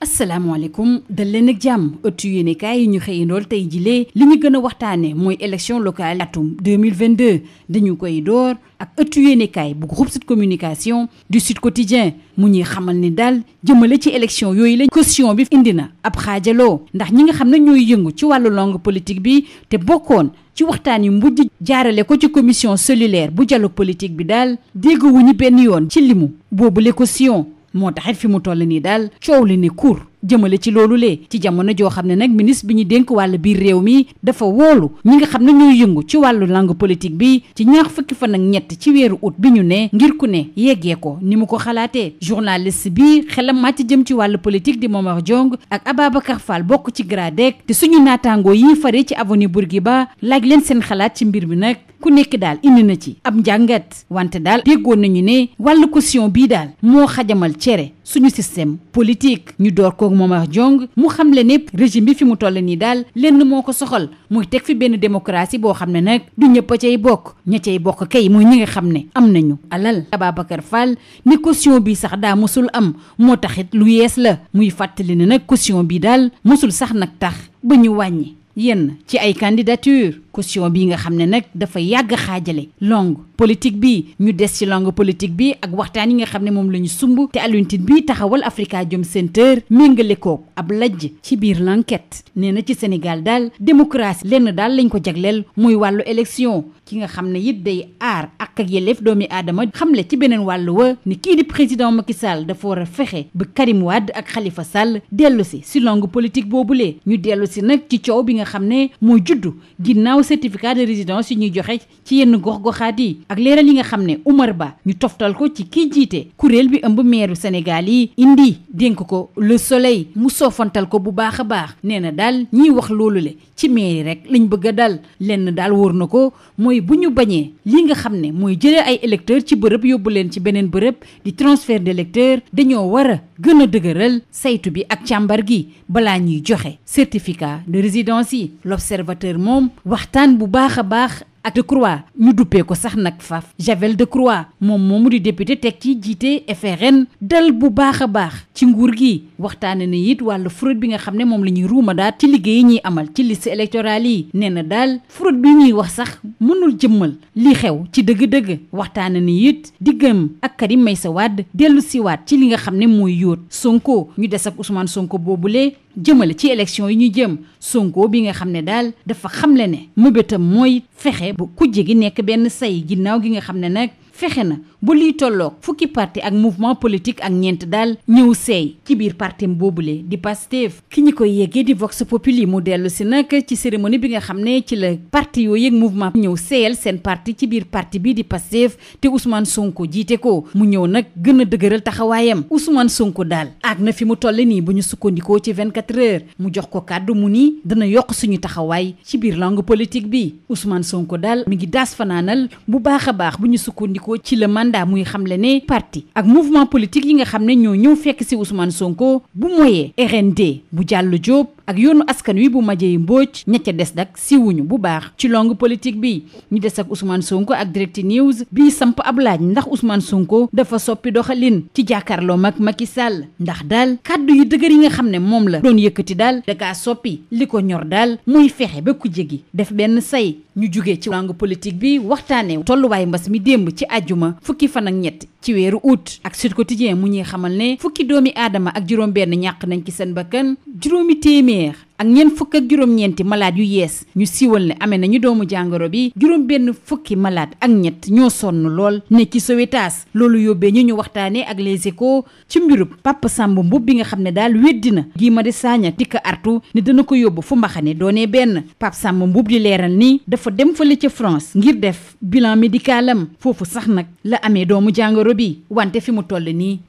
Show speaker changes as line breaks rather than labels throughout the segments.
asalaamaaleykum dal leen ak jàmm ëttu yéenekaay yi ñu xëyandool tey jilee li ñu gën a waxtaane mooy élection locale atum 2022 dañu koy door ak ëttu yéenekaay bu groupe Sud Communication du Sud Quotidien mu ñuy xamal ni daal jëmale ci élection yooyu ko caution bi indi na ab xaajaloo ndax ñi nga xam ne ñooy yëngu ci wàllu langue politique bi te bokkoon ci waxtaan yu mujj jaarale ko ci commission cellulaire bu dialogue politique bi daal dégg wuñu benn yoon ci limu boobule caution moo taxit fi mu toll nii daal coow li ni kuur jëmale ci loolu lee ci jamono joo xam ne nag ministre bi ñu dénk wàll biir réew mi dafa woolu ñi nga xam ne ñooy yëngu ci wàllu langue politique bi ci ñaar fukki fan ak ñett ci weeru ut bi ñu ne ngir ku ne yeggee ko ni mu ko xalaatee journaliste bi xelam ci jëm ci wàllu politique di Momar Diong ak Ababacar Fall bokk ci GRADEC te suñu naataangoo yi fare ci gi ba laaj leen seen xalaat ci mbir mi nag ku nekk daal indi na ci ab njàngat wante daal déggoon nañu ne wàllu caution bii daal moo xajamal cere suñu système ñu door ko Senghor Momar Diong mu xam le ne régime bi fi mu toll nii daal lenn moo ko soxal muy teg fi benn démocratie boo xam ne nag du ñëpp a cay bokk ña cay bokk kay mooy ñi nga xam ne am nañu alal Ababacar Fall ni caution bi sax daa mosul am moo taxit lu yees la muy fàttali ne nag caution bi daal mosul sax nag tax ba ñu wàññi yenn ci ay candidature caution bi nga xam ne nag dafa yàgg xaajale longue politique bi ñu des ci longue politique bi ak waxtaan yi nga xam ne moom la ñu sumb te Alioune Tine bi taxawal Africa Jom Center méngale koog ab lajj ci biir l'enquête nee na ci Sénégal daal démocratie lenn daal lañ ko jagleel mooy wàllu élection ki nga xam ne it day aar ak ak yelleef doomi aadama xamle ci beneen wàllu wa ni kii di président Macky Sall dafa war a fexe ba Karim wàdd ak xalifa Sall dellu si si longue politique boobule ñu dellu nag ci bi nga xam ne ginnaaw certificat de résidence yi ñuy joxe ci yenn gox-goxaat yi ak leeral yi nga xam ne Umar Ba ñu toftal ko ci kii jiite kuréel bi ëmb meeru Sénégal yi indi dénk ko Le Soleil mu sofontal ko bu baax a baax nee na daal ñiy wax loolu le ci mairie rek lañ bëgg a dal lenn daal wóor na ko mooy bu ñu bañee li nga xam ne mooy jëlee ay électeurs ci bërëb yóbbu leen ci beneen bërëb di transfert d'électeurs dañoo war a gën a dëgëral saytu bi ak càmbar gi balaa ñuy jox waxtaan bu baax a baax ak de croix ñu duppee ko sax nag faaf Javel de croix moom mu di député teg ci jiite FRN dal bu baax a baax ci nguur gi waxtaane na it wàllu fraude bi nga xam ne moom la ñuy ruumadaat ci liggéey ñuy amal ci liste électorale yi nee na daal fraude bi ñuy wax sax mënul jëmmal li xew ci dëgg-dëgg waxtaane na it diggam ak Karim Meïssa Wade dellu siwaat ci li nga xam ne mooy yóot Sonko ñu des ak Ousmane Sonko boobule jëmale ci élection yi ñu jëm Sonko bi nga xam ne daal dafa xamle ne mëbétam mooy fexe ba kujje gi nekk benn say ginnaaw gi nga xam ne nag fexe na bu lii tolloog fukki parti ak mouvement politique ak ñeent daal ñëw seey ci biir partim boobule di Pastef ki ñi koy yéegee di Vox Populi mu dellu si nag ci cérémonie bi nga xam ne ci la parti yooyu ak mouvement ñëw seeyal seen parti ci biir parti bi di Pastef te Ousmane Sonko jiite ko mu ñëw nag gën a dëgëral taxawaayam Ousmane sonk daal ak na fi mu toll nii bu ñu sukkandikoo ci 24 heures mu jox ko kàddu mu ni dana yokk suñu taxawaay ci biir langue politique bi Ousmane Sonko daal mi ngi daas fanaanal a mandat muy xamle ne parti ak mouvement politique yi nga xam ne ñoo ñëw fekk ci Ousmane Sonko bu moyee RND bu jàll Diop ak yoonu askan wi bu Madièye Mbodj ña ca des nag siiwuñu bu baax ci longue politique bi ñu des ak Ousmane Sonko ak Direct News bii samp ab laaj ndax Ousmane Sonko dafa soppi doxalin ci jàkkaarloo mag mag ki Sall ndax daal kàddu yu dëgër yi nga xam ne moom la doon yëkkati daal dakaa soppi li ko ñor daal muy fexe ba ku jégi def benn say ñu jugee ci langue politique bi waxtaanee tolluwaay mbas mi démb ci àjjuma fukki fan ak ñett ci weeru août ak Sud Quotidien mu ñuy xamal ne fukki doomi aadama ak juróom benn nañ ci seen bakkan juróomi téeméer ak ñeent fukk ak juróom-ñeenti malade yu yees ñu siiwal ne amee nañu doomu jàngoro bi juróom benn fukki malaat ak ñett ñoo sonn lool ne ci Sowetaas loolu yóbbee ñu ñu waxtaanee ak les échos ci mbirub Papa Samba Mboup bi nga xam ne daal weddi na ma Marius Sagna dikk artu ne dana ko yóbbu fu mbaxane doonee benn Papa Samba Mboup di leeral ni dafa dem li ca France ngir def bilan médical am foofu sax nag la amee doomu jàngoro bi wante fi mu toll nii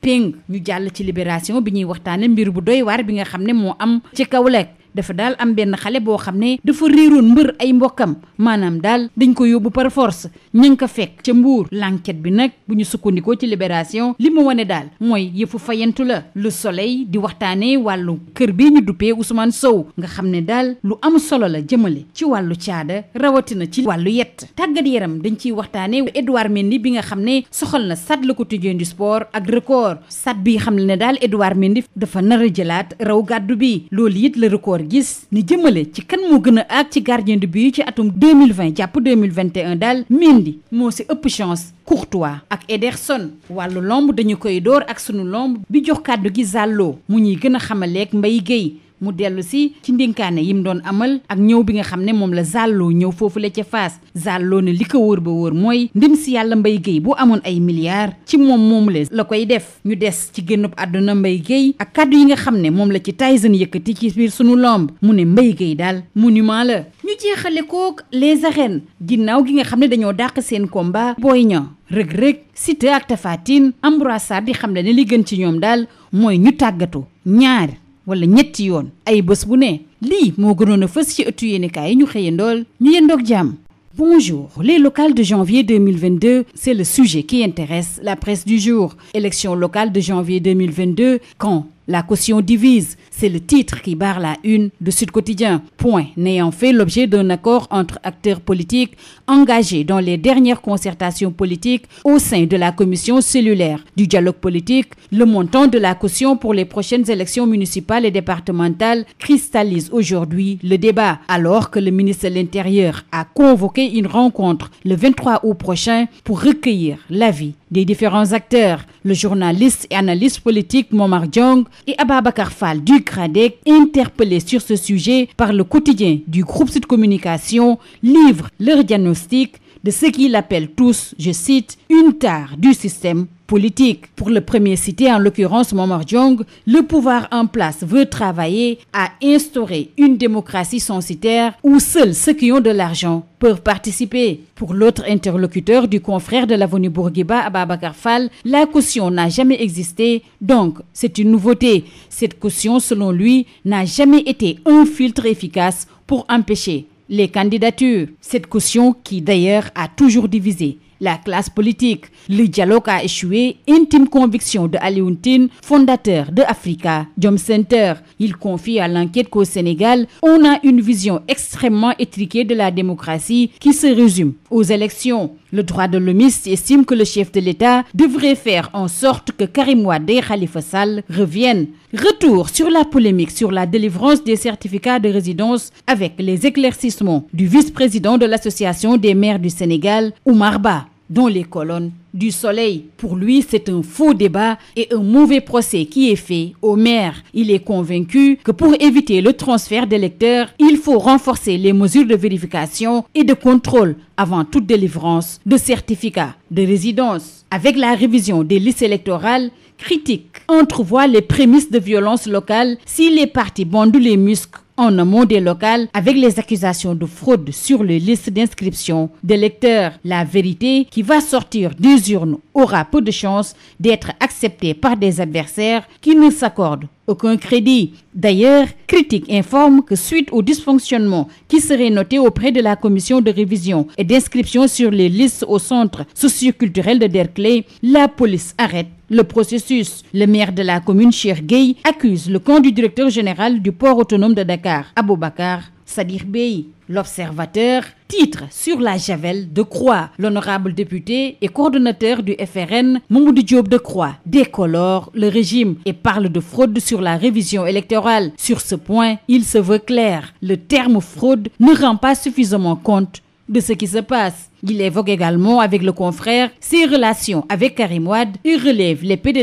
pénk ñu jàll ci libération bi ñuy waxtaane mbir bu doy waar bi nga xam ne moo am ci Kaolack dafa daal am benn xale boo xam ne dafa réeroon mbër ay mbokkam maanaam daal dañ ko yóbbu par force ña nga ko fekk ca mbuur l'enquête bi nag bu ñu sukkandikoo ci libération li mu wane daal mooy yëfu fayantu la Le Soleil di waxtaanee wàllu kër bi ñu duppee Ousmane Sow nga xam ne daal lu am solo la jëmale ci wàllu caada rawatina ci wàllu yett tàggat yaram dañ ciy waxtaanee Edouard Mendy bi nga xam ne soxal na sat la ko Quotidien di Sport ak Record sat bi xam ne daal Edouard Mendy dafa nar a jëlaat raw gàddu bi loolu it la Record Senghor gis ni jëmale ci kan moo gën a aak ci gardien de but yi ci atum 2020 jàpp 2021 daal Mendy moo ci ëpp chance Courtois ak Ederson wàllu lomb dañu koy door ak sunu lomb bi jox kàddu gi Zallo mu ñuy gën a xamaleeg Mbaye Guèye mu dellu si ci ndinkaane yi mu doon amal ak ñëw bi nga xam ne moom la zàlloo ñëw foofu la ca Fass zàlloo ne li ko wóor ba wóor mooy ndim si yàlla mbay Guèye bu amoon ay milliards ci moom moomu la la koy def ñu des ci génnub àdduna mbay Guèye ak kàddu yi nga xam ne moom la ci Tyson yëkkati ci biir suñu lomb mu ne Mbaye Guèye daal mu monument la ñu jeexale kook les arènes ginnaaw gi nga xam ne dañoo dàq seen combat Boy Niang rëg-rëg Siteu ak Tapha Tine Ambroise ne li gën ci ñoom daal mooy ñu tàggatu ñaar wala ñetti yoon ay bés bu ne lii moo gënoon a fës ci ëttu yéenekaay yi ñu xëya ndool ñu yendoog jàmm Bonjour. Les locales de janvier 2022, c'est le sujet qui intéresse la presse du jour. Élections locales de janvier 2022, quand La caution divise. C'est le titre qui barre la une de Sud Quotidien. Point. N'ayant fait l'objet d'un accord entre acteurs politiques engagés dans les dernières concertations politiques au sein de la commission cellulaire du dialogue politique, le montant de la caution pour les prochaines élections municipales et départementales cristallise aujourd'hui le débat. Alors que le ministre de l'Intérieur a convoqué une rencontre le 23 août prochain pour recueillir l'avis des différents acteurs, le journaliste et politique Momar Jong et Ababacar Fall du CRADEC, interpellés sur ce sujet par le quotidien du groupe Sud Communication, livrent leur diagnostic de ce qu'ils appellent tous, je cite, une tare du système politique. Pour le premier cité, en l'occurrence Momar Jong, le pouvoir en place veut travailler à instaurer une démocratie censitaire où seuls ceux qui ont de l'argent peuvent participer. Pour l'autre interlocuteur du confrère de l'avenue Bourguiba, Ababacar Fall, la caution n'a jamais existé, donc c'est une nouveauté. Cette caution, selon lui, n'a jamais été un filtre efficace pour empêcher les candidatures. Cette caution qui d'ailleurs a toujours divisé la classe politique. Le dialogue a échoué, intime conviction de Alioune fondateur de Africa Jom Center. Il confie à l'enquête qu'au Sénégal, on a une vision extrêmement étriquée de la démocratie qui se résume aux élections. Le droit de l'homiste estime que le chef de l'État devrait faire en sorte que Karim et Khalifa Sall reviennent. Retour sur la polémique sur la délivrance des certificats de résidence avec les éclaircissements du vice-président de l'Association des maires du Sénégal, Oumar Ba. dans les colonnes du Soleil. Pour lui, c'est un faux débat et un mauvais procès qui est fait au maire. Il est convaincu que pour éviter le transfert d'électeurs, il faut renforcer les mesures de vérification et de contrôle avant toute délivrance de certificats de résidence. Avec la révision des listes électorales, critique entrevoit les prémices de violence locale si les partis bandent les muscles en amont des local avec les accusations de fraude sur les listes d'inscription des électeurs. La vérité qui va sortir des urnes aura peu de chances d'être accepté par des adversaires qui ne s'accordent aucun crédit. D'ailleurs, Critique informe que suite aux dysfonctionnements qui seraient notés auprès de la commission de révision et d'inscription sur les listes au centre socioculturel de Derklé, la police arrête le processus. Le maire de la commune, Cheikh Gueye, accuse le camp du directeur général du port autonome de Dakar, Aboubacar Sadir Bey, l'observateur, titre sur la javel de Croix. L'honorable député et coordonnateur du FRN, Mamoudou Diop de Croix, décolore le régime et parle de fraude sur la révision électorale. Sur ce point, il se veut clair. Le terme fraude ne rend pas suffisamment compte de ce qui se passe. Il évoque également avec le confrère ses relations avec Karim et relève l'épée de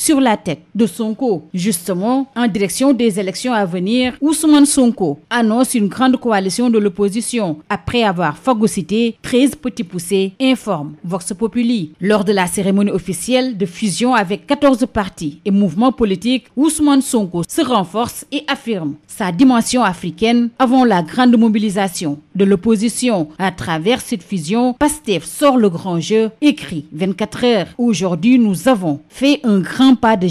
sur la tête de Sonko. Justement, en direction des élections à venir, Ousmane Sonko annonce une grande coalition de l'opposition après avoir phagocyté 13 petits poussés, informe Vox Populi. Lors de la cérémonie officielle de fusion avec 14 partis et mouvements politiques, Ousmane Sonko se renforce et affirme sa dimension africaine avant la grande mobilisation de l'opposition. À travers cette fusion, Pastef sort le grand jeu, écrit 24 heures. Aujourd'hui, nous avons un pas de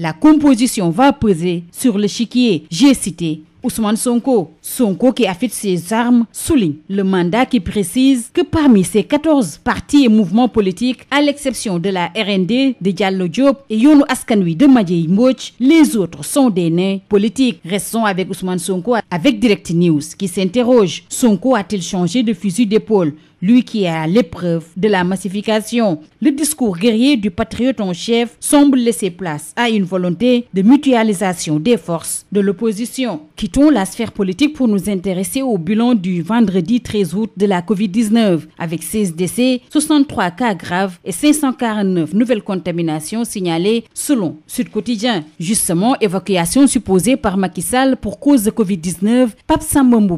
la composition va peser sur l'échiquier. J'ai cité Ousmane Sonko. Sonko, qui affiche ses armes, souligne le mandat qui précise que parmi ces 14 partis et mouvements politiques, à l'exception de la RND de Diallo Diop et Yonou Askanui de Madjei Mbouch, les autres sont des nains politiques. Restons avec Ousmane Sonko avec Direct News qui s'interroge. Sonko a-t-il changé de fusil d'épaule lui qui est l'épreuve de la massification. Le discours guerrier du patriote en chef semble laisser place à une volonté de mutualisation des forces de l'opposition. Quittons la sphère politique pour nous intéresser au bilan du vendredi 13 août de la COVID-19 avec 16 décès, 63 cas graves et 549 nouvelles contaminations signalées selon Sud Quotidien. Justement, évacuation supposée par Macky Sall pour cause de COVID-19, Pape Samba Mboup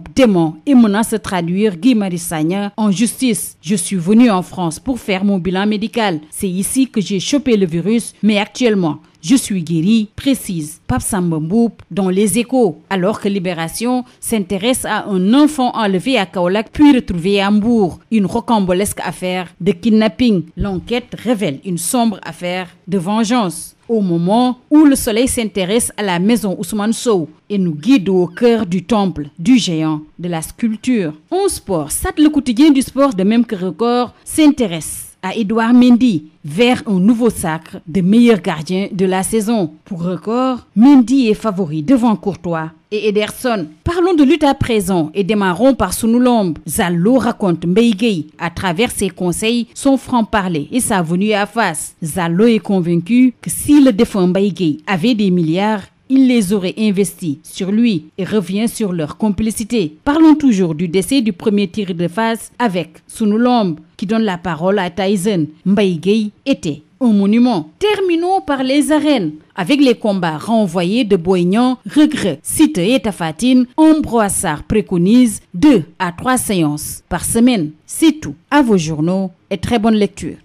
et menace de traduire Guy Marie justice. Je suis venu en France pour faire mon bilan médical. C'est ici que j'ai chopé le virus, mais actuellement, je suis guéri, précise Pape dans Les Échos, alors que Libération s'intéresse à un enfant enlevé à Kaolack puis retrouvé Hambourg. Une rocambolesque affaire de kidnapping. L'enquête révèle une sombre affaire de vengeance. au moment où le soleil s'intéresse à la maison Ousmane Sow et nous guide au cœur du temple du géant de la sculpture. En sport, Sat le quotidien du sport de même que Record s'intéresse à Edouard Mendy vers un nouveau sacre de meilleur gardien de la saison. Pour record, Mendy est favori devant Courtois et Ederson. Parlons de lutte à présent et démarrons par Sunulombe. Zalo raconte Mbeigei à travers ses conseils, son franc-parler et sa venue à face. Zalo est convaincu que si le défunt Mbeigei avait des milliards, il les aurait investis sur lui et revient sur leur complicité. Parlons toujours du décès du premier tir de face avec Sunu Lamb qui donne la parole à Tyson. Mbaye Guèye était un monument. Terminons par les arènes avec les combats renvoyés de Boy Niang, Reug-Reug, Siteu et Tapha Tine. Ambroise Sarr deux à trois séances par semaine. C'est tout. À vos journaux et très bonne lecture.